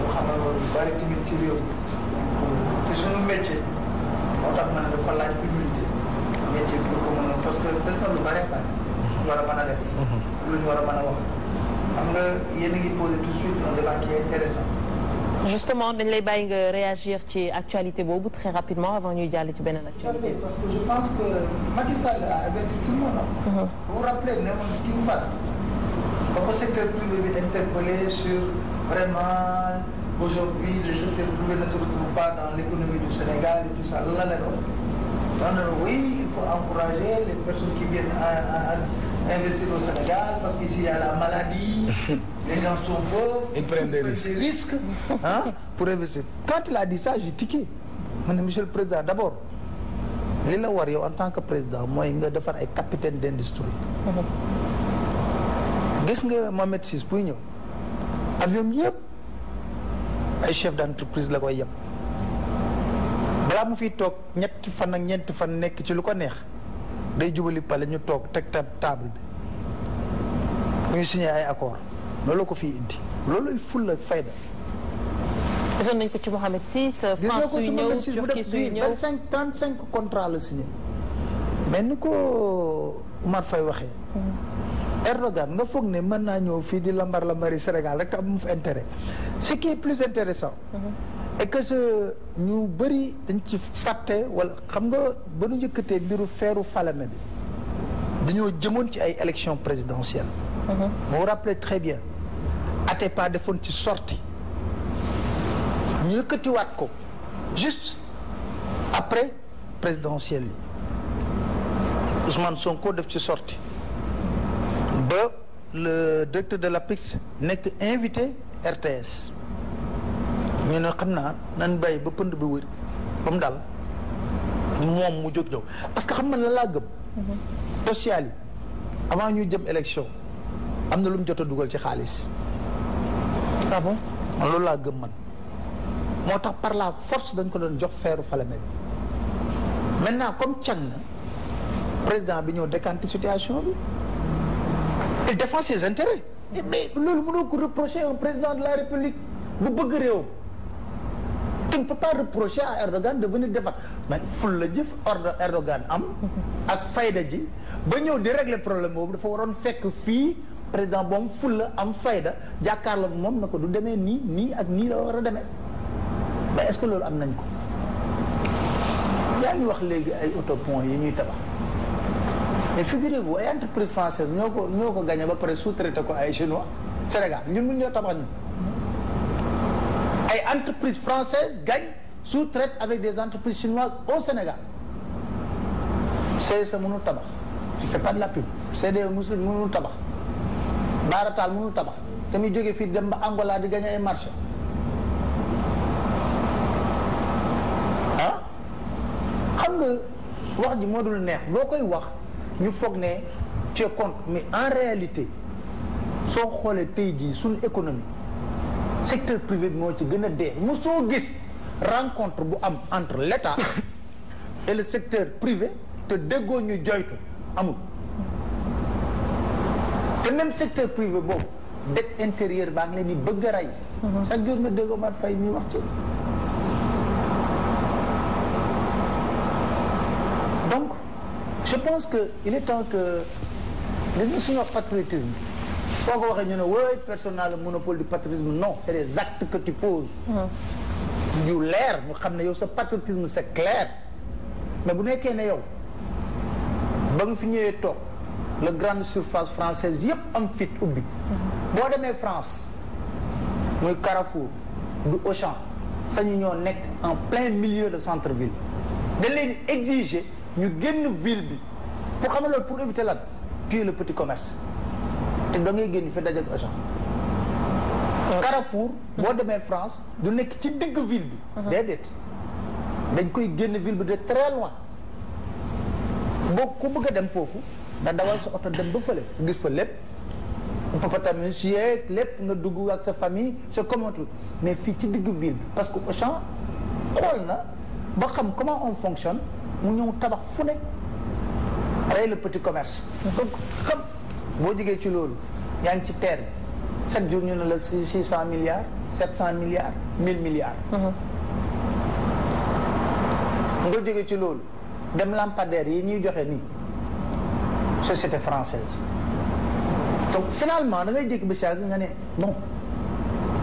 mu xamal loolu lu bari tamit ci réew mi te suñu métier ko mën parce que des lu bari bari lu war a mën a def mhm. lu ñu war a mën a wax xam nga yéen a ngi posé tout de suite un débat qui est intéressant justement dañ lay bàyyi nga réagir ci actualité boobu très rapidement avant ñuy jàll ci beneen actualité. tout à fait que je pense que Macky Sall a averti tout le monde. Mhm. vous vous rappelez ne moom ki mu fàtt ba ko secteur privé bi interpellé sur. vraiment aujourd'hui les interviewés ne pas dans l'économie du Sénégal et tout ça la doon wax na oui il faut encourager qui viennent investir au Sénégal parce qu'ici il y a la maladie les gens sont pauvres ils prennent des pour investir quand il a dit ça j'ai tiqué ma le président d'abord li la war en tant que président mooy nga defar ay capitaine d'industrie gis nga Mohamed Ciss buy ñëw avion yëpp ay chef d'entreprise la koy yem balaa mu fi toog ñetti fan ak ñeenti fan nekk ci lu ko neex day jubali pale ñu toog teg table bi ñuy signé ay accord loolu ko fiy indi loolu ful ak fayda. gisoon nañ ko ci Mohamed VI. France suy ñëw Turquie suy ñëw vingt cinq trente cinq contrat la signé mais ni ko Oumar Faye waxee. Mm. Erdogan nga foog ne mën naa ñëw fii di lambar lambari Sénégal rek te amu fa intérêt ce qui est plus intéressant mhm. et que ñu bëri dañ ci fàtte walla xam nga ba nu njëkkatee mbiru feeru falame bi dañoo jëmoon ci ay élections présidentielles. Mhm. vous vous rappelez très bien Atepa defoon ci sorti ñu yëkkatiwaat ko juste après présidentielle yi son ko def ci sorti ba le directeur de l'APIX nekk invité RTS ñu ne xam naa nan bàyyi ba pënd bi wër ba mu daal moom mu jóg ñëw parce que xam na la laa gëm mhm. social yi avant ñuy jëm élection am na lu mu jot a dugal ci xaalis ah loolu laa gëm man moo tax par la force dañ ko doon jox feeru Falémé bi maintenant comme càng na président bi ñëw décanté situation bi de défendre ses intérêts. Eh, mais loolu mënoo ko reprocher un président de la république bu bëgg réew tu ne peux pas reprocher à Erdogan de mais ful la jëf ordre Erdogan am ak fayda ji ba ñëw di régler problème boobu dafa waroon fekk fii président boom ful la am fayda jàkkaarloo moom na ko du demee nii nii ak nii la war a demee mais est loolu am nañ ko yaa ngi wax léegi ay autopont yi ñuy tabax mais figurez-vous ay entreprise française ñoo ko ñoo ko gagné ba pare sous-traité ko ay chinois Sénégal ñun mun ñoo tabax ñu ay entreprise française gagne sous-traite avec des entreprises chinoises au Sénégal CSA e mënul tabax je fais pas de la pub CDE Muslim mënul tabax Baratal mënul tabax dañuy jóge fii dem ba Angola di gagné ay marché ah xam nga wax ji moo dul neex boo koy wax ñu foog ne ci compte mais en réalité soo xoolee tey jii suñ économie secteur privé moo ci gën a dee mosoo gis rencontre bu am entre l'État et le secteur privé te déggoo ñu joytu amul te même secteur privé boobu dette intérieure baa ngi leen di bëgg a rey mm-hmm. chaque jour nga dégg Omar Faye mi wax ci je pense que il est temps que nit ñi suñu wax patriotisme foo ko waxee ñu ne wooy personnel monopole du patriotisme non c'est des actes que tu poses mm-hmm. yu leer ñu xam ne yow sa patriotisme c'est clair mais bu nekkee ne yow ba nga fi ñëwee toog la grande surface française yëpp am fit ubbi mm-hmm. boo demee France muy Carrefour du Auchan sañu ñoo nekk en plein milieu de centre ville dañ leen exiger ñu génn ville bi pour xam loolu pour éviter lan tuer le petit commerce te da ngay génn fi dajeeg agent Carrefour boo demee France du nekk ci digg ville bi uh-huh. déedéet dañ koy génn ville bi de très loin boo ku bëgg a dem foofu da dawal sa oto dem ba fële gis fa lépp papatamus yeeg lépp nga dugg ak sa famille sa comment tout mais fii ci digg ville bi parce que Auchan xool na ba xam comment on fonctionne mu ñëw tabax fu ne rey le petit commerce donc boo jigee ci loolu yaa ngi ci terre bi chaque jour ñu ne la six cent milliards sept cent milliards mille milliards mm-hmm. nga jóge ci loolu dem lampadaire yi ñuy joxe nii société française donc finalement da ngay ba si yàgg nga ne bon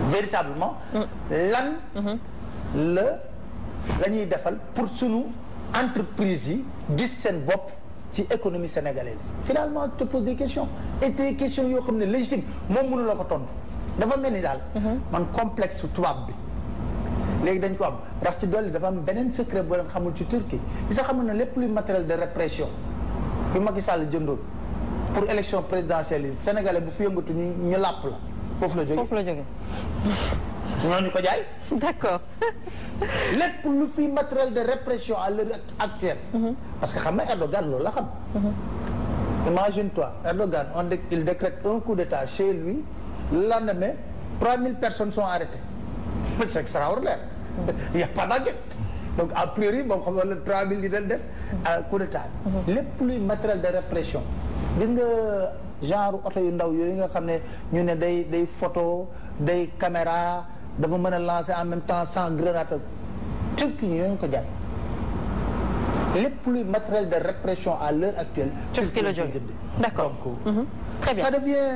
véritablement mm. lan mm-hmm. la la defal pour sunu entreprise yi gis seen bopp ci économie sénégalaise finalement te pose question questions et yoo xam ne légitime moom mënu la ko tontu dafa mel ni daal mhm. man complexe tubaab bi léegi dañ ko am rax ci dolli dafa am beneen secret boo leen xamul ci Turquie bi sa xamul na lépp luy matériel de répression yu Macky Sall jëndoon pour élection présidentielle yi sénégalais bu fi yëngatu ñu ñu làpp la foofu la jógee ñooñu ko jaay. d'accord. lépp lu fi matériel de répression à l'heure actuelle. Mhm. parce que xam nga Erdogan loolu la mhm. imagine-toi Erdogan on dé il décrète un coup d'état chez lui le lendemain 3000 personnes sont arrêtées c'est extraordinaire. Mhm. il y a pas d'enquête. donc a priori moom xam nga le 3000 coup d'état bi. matériel de répression gis nga. genre oto yu ndaw yooyu nga xam ne ñu ne day day photo day caméra dafa mën a lancer en même temps sans grenade Turquie ñoo ko jaay lépp luy matériel de répression à l'heure actuelle Turquie la jógee d'accord donc mm -hmm. très bien ça devient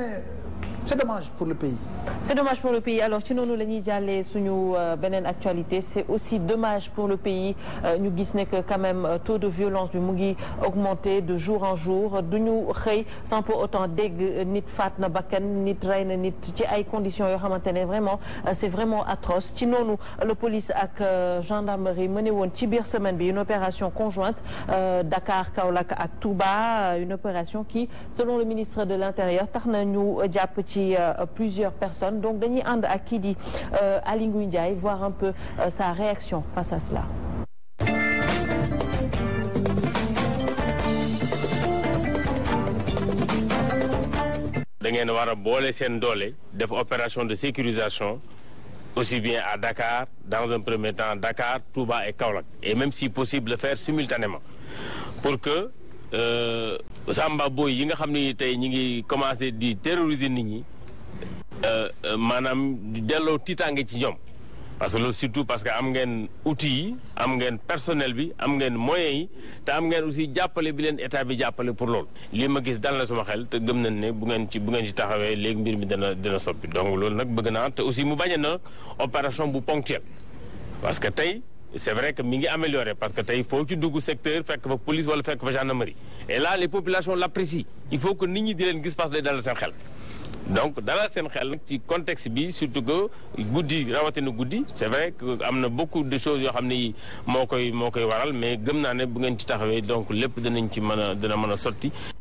c'est dommage pour le pays. c'est dommage pour le pays alors ci noonu la ñuy jàllee suñu euh, beneen actualité c'est aussi dommage pour le pays euh, ñu gis ne que quand même euh, taux de violence bi mu ngi augmenter de jour en jour du ñu xëy sans pour autant dégg nit faat na bakkan nit rey na nit ci ay conditions yoo xamante ne vraiment c'est vraiment atroce ci noonu la police ak gendarmerie mené woon ci biir semaine bi une opération conjointe Dakar Kaolack ak Touba une opération qui selon le ministre de l'intérieur tax na ñu jàpp ci ci euh, plusieurs personnes donc dañuy ànd ak kii di euh, Aly Ngouille Ndiaye voir un peu euh, sa réaction face à cela da ngeen war a boole seen doole def opération de sécurisation aussi bien à Dakar dans un premier temps Dakar Touba et Kaolack et même si possible le faire simultanément pour que Euh, Samba Boy yi nga xam ni tey ñi ngi commencé di terroriser nit ñi euh, euh, maanaam delloo tiitaange ci ñoom parce que loolu surtout parce que am ngeen outils yi am ngeen personnel bi am ngeen moyens yi te am ngeen aussi jàppale bi leen état bi jàppale pour lool lii ma gis dal na suma xel te gëm nañ ne bu ngeen ci bu ngeen ci taxawee léegi mbir mi dana dina soppi donc loolu nag bëgg naa te aussi mu bañ a na opération bu ponctuelle parce que tey. c'est vrai que mi ngi amélioré parce que tey foo ci dugg secteur fekk fa police wala fekk fa gendarmerie et là les populations l'apprécient il faut que nit ñi di leen gis parce que dalal seen xel donc dalal seen xel nag ci contexte bi surtout que guddi rawatina guddi c'est vrai que am na beaucoup de choses yoo xam ne yi moo koy moo koy waral mais gëm naa ne bu ngeen ci taxawee donc lépp danañ ci mën a dina mën a sotti